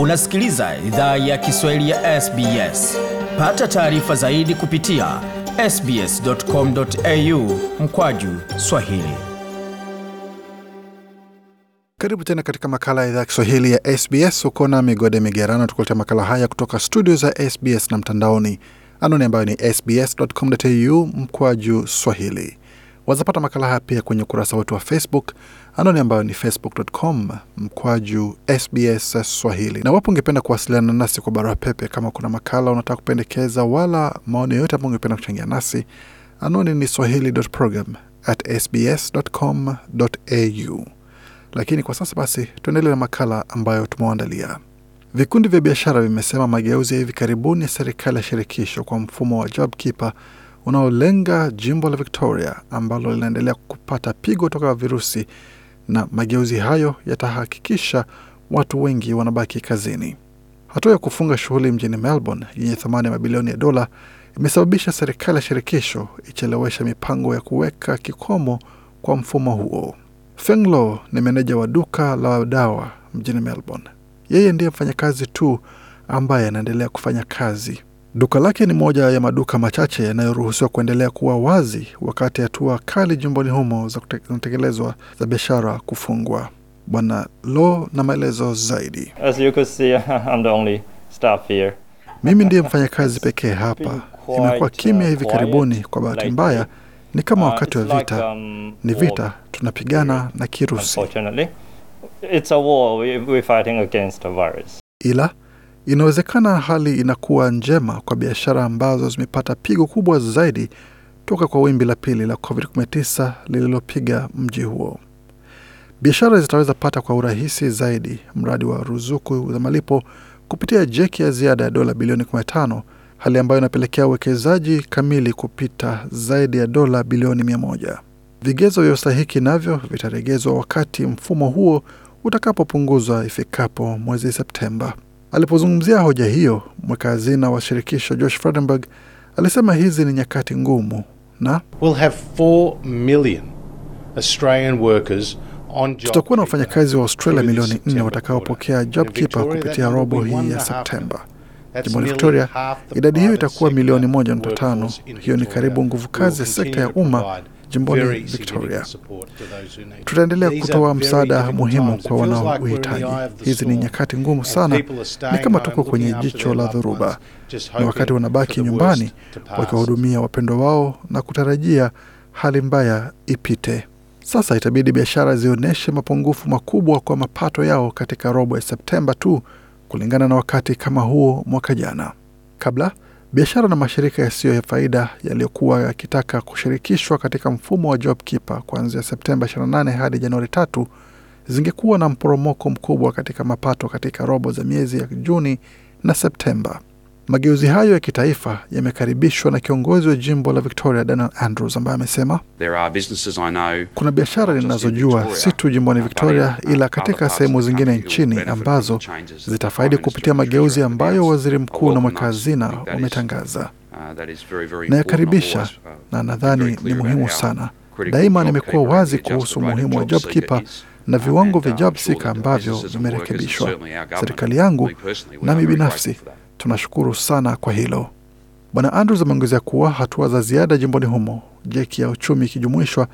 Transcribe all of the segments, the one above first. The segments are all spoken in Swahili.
Unasikiliza idhaa ya Kiswahili ya SBS. Pata taarifa zaidi kupitia sbs.com.au mkwaju swahili. Karibu tena katika makala ya idhaa ya Kiswahili ya SBS. Uko Migode Migerano tukuletea makala haya kutoka studio za SBS na mtandaoni, anaoni ambayo ni sbs.com.au mkwaju swahili. Wazapata makala haya pia kwenye ukurasa wetu wa Facebook, anwani ambayo ni facebook.com mkwaju SBS Swahili. Na wapo ungependa kuwasiliana nasi kwa barua pepe, kama kuna makala unataka kupendekeza wala maoni yoyote ambao ungependa kuchangia nasi, anwani ni swahili.program@sbs.com.au. Lakini kwa sasa basi, tuendelee na makala ambayo tumewaandalia. Vikundi vya biashara vimesema mageuzi ya hivi karibuni ya serikali ya shirikisho kwa mfumo wa keeper unaolenga jimbo la Victoria ambalo linaendelea kupata pigo toka virusi, na mageuzi hayo yatahakikisha watu wengi wanabaki kazini. Hatua ya kufunga shughuli mjini Melbourne yenye thamani ya mabilioni ya dola imesababisha serikali ya shirikisho ichelewesha mipango ya kuweka kikomo kwa mfumo huo. Fenglo ni meneja wa duka la dawa mjini Melbourne. Yeye ndiye mfanyakazi tu ambaye anaendelea kufanya kazi Duka lake ni moja ya maduka machache yanayoruhusiwa kuendelea kuwa wazi wakati hatua kali jumbani humo zinatekelezwa za biashara kufungwa. Bwana Lo na maelezo zaidi. As you could see, I'm the only staff here. Mimi ndiye mfanyakazi pekee hapa. Imekuwa uh, kimya hivi karibuni. Kwa bahati mbaya, ni kama uh, wakati wa vita. Um, ni vita, tunapigana na kirusi, ila inawezekana hali inakuwa njema kwa biashara ambazo zimepata pigo kubwa zaidi toka kwa wimbi la pili la COVID-19 lililopiga mji huo. Biashara zitaweza pata kwa urahisi zaidi mradi wa ruzuku za malipo kupitia jeki ya ziada ya dola bilioni 15, hali ambayo inapelekea uwekezaji kamili kupita zaidi ya dola bilioni 100. Vigezo vya ustahiki navyo vitaregezwa wakati mfumo huo utakapopunguzwa ifikapo mwezi Septemba. Alipozungumzia hoja hiyo, mweka hazina wa shirikisho Josh Frydenberg alisema hizi ni nyakati ngumu na we'll have 4 million Australian workers tutakuwa na wafanyakazi wa Australia milioni nne watakaopokea JobKeeper kupitia robo hii ya Septemba. Jimboni Victoria, idadi hiyo itakuwa milioni moja nukta tano. Hiyo ni karibu nguvu kazi ya sekta ya umma jimboni Victoria. Tutaendelea kutoa msaada muhimu kwa wanaohitaji. Hizi ni nyakati ngumu sana, ni kama tuko kwenye jicho la dhoruba. Ni wakati wanabaki nyumbani wakiwahudumia wapendwa wao na kutarajia hali mbaya ipite. Sasa itabidi biashara zionyeshe mapungufu makubwa kwa mapato yao katika robo ya Septemba tu kulingana na wakati kama huo mwaka jana. Kabla biashara na mashirika yasiyo ya faida yaliyokuwa yakitaka kushirikishwa katika mfumo wa job JobKeeper kuanzia Septemba 28 hadi Januari tatu zingekuwa na mporomoko mkubwa katika mapato katika robo za miezi ya Juni na Septemba. Mageuzi hayo ya kitaifa yamekaribishwa na kiongozi wa jimbo la Victoria Daniel Andrews ambaye amesema kuna biashara ninazojua si tu jimboni Victoria ila katika sehemu zingine nchini ambazo zitafaidi kupitia mageuzi ambayo waziri mkuu na mweka hazina wametangaza. Uh, Nayakaribisha uh, na nadhani ni muhimu sana. Daima nimekuwa wazi kuhusu umuhimu wa job keeper na viwango vya job seeker uh, ambavyo vimerekebishwa. Serikali yangu nami binafsi Tunashukuru sana kwa hilo. Bwana Andrews ameongezea kuwa hatua za ziada jimboni humo, jeki ya uchumi ikijumuishwa,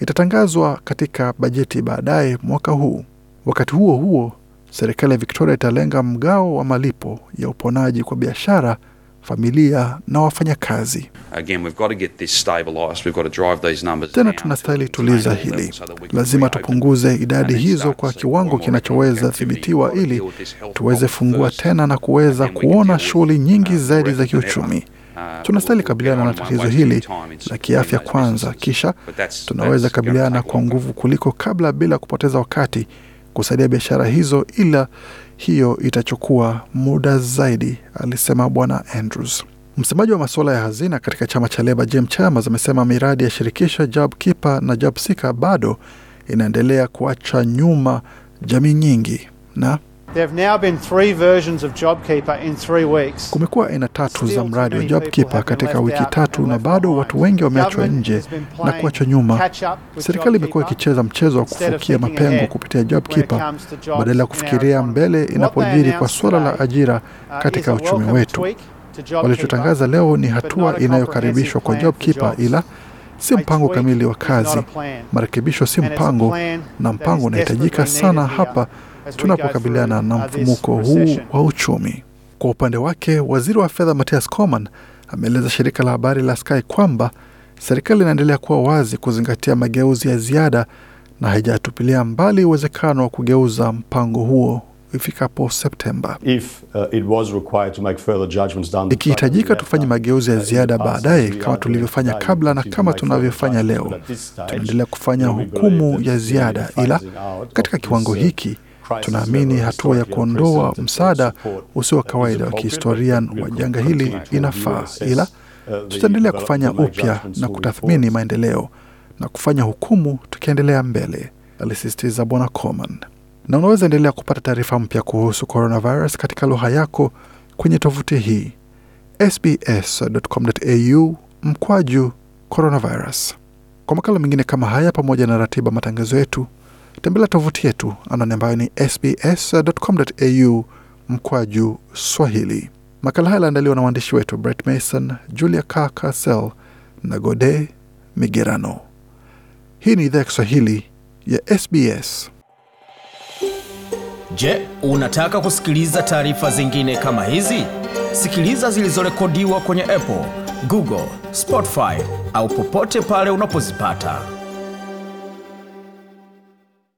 itatangazwa katika bajeti baadaye mwaka huu. Wakati huo huo, serikali ya Victoria italenga mgao wa malipo ya uponaji kwa biashara familia na wafanyakazi. Tena tunastahili tuliza hili, lazima tupunguze idadi hizo kwa kiwango kinachoweza thibitiwa, ili tuweze fungua tena na kuweza kuona shughuli nyingi uh, zaidi za kiuchumi. Uh, tunastahili kabiliana na tatizo hili la kiafya kwanza, kisha tunaweza kabiliana kwa nguvu kuliko kabla, bila kupoteza wakati kusaidia biashara hizo, ila hiyo itachukua muda zaidi, alisema Bwana Andrews. Msemaji wa masuala ya hazina katika chama cha Leba, Jim Chalmers, amesema miradi ya shirikisho Job Keeper na Job Seeker bado inaendelea kuacha nyuma jamii nyingi na Kumekuwa aina tatu za mradi wa JobKeeper katika wiki tatu, na bado watu wengi wameachwa nje na kuachwa nyuma. Serikali imekuwa ikicheza mchezo wa kufukia mapengo kupitia JobKeeper badala ya kufikiria mbele inapojiri kwa suala la ajira uh, katika uchumi wetu. Walichotangaza leo ni hatua inayokaribishwa kwa JobKeeper, ila si mpango kamili wa kazi. Marekebisho si mpango, na mpango unahitajika sana hapa tunapokabiliana na mfumuko huu wa uchumi. Kwa upande wake, waziri wa fedha matthias Coman ameeleza shirika la habari la Sky kwamba serikali inaendelea kuwa wazi kuzingatia mageuzi ya ziada na haijatupilia mbali uwezekano wa kugeuza mpango huo ifikapo Septemba. Uh, ikihitajika tufanye mageuzi ya uh, ziada baadaye kama tulivyofanya kabla na kama tunavyofanya leo, tunaendelea kufanya hukumu ya ziada, ila katika kiwango uh, hiki Tunaamini hatua ya kuondoa msaada usio wa kawaida wa kihistoria wa janga hili inafaa, uh, ila tutaendelea kufanya upya na kutathmini maendeleo na kufanya hukumu tukiendelea mbele, alisisitiza Bwana Coman. Na unaweza endelea kupata taarifa mpya kuhusu coronavirus katika lugha yako kwenye tovuti hii sbs.com.au mkwaju coronavirus. Kwa makala mengine kama haya, pamoja na ratiba matangazo yetu tembelea tovuti yetu anwani ambayo ni sbs.com.au mkwaju Swahili. Makala haya yaliandaliwa na waandishi wetu Brett Mason, Julia Carsel na Gode Migerano. Hii ni idhaa ya Kiswahili ya SBS. Je, unataka kusikiliza taarifa zingine kama hizi? Sikiliza zilizorekodiwa kwenye Apple, Google, Spotify au popote pale unapozipata.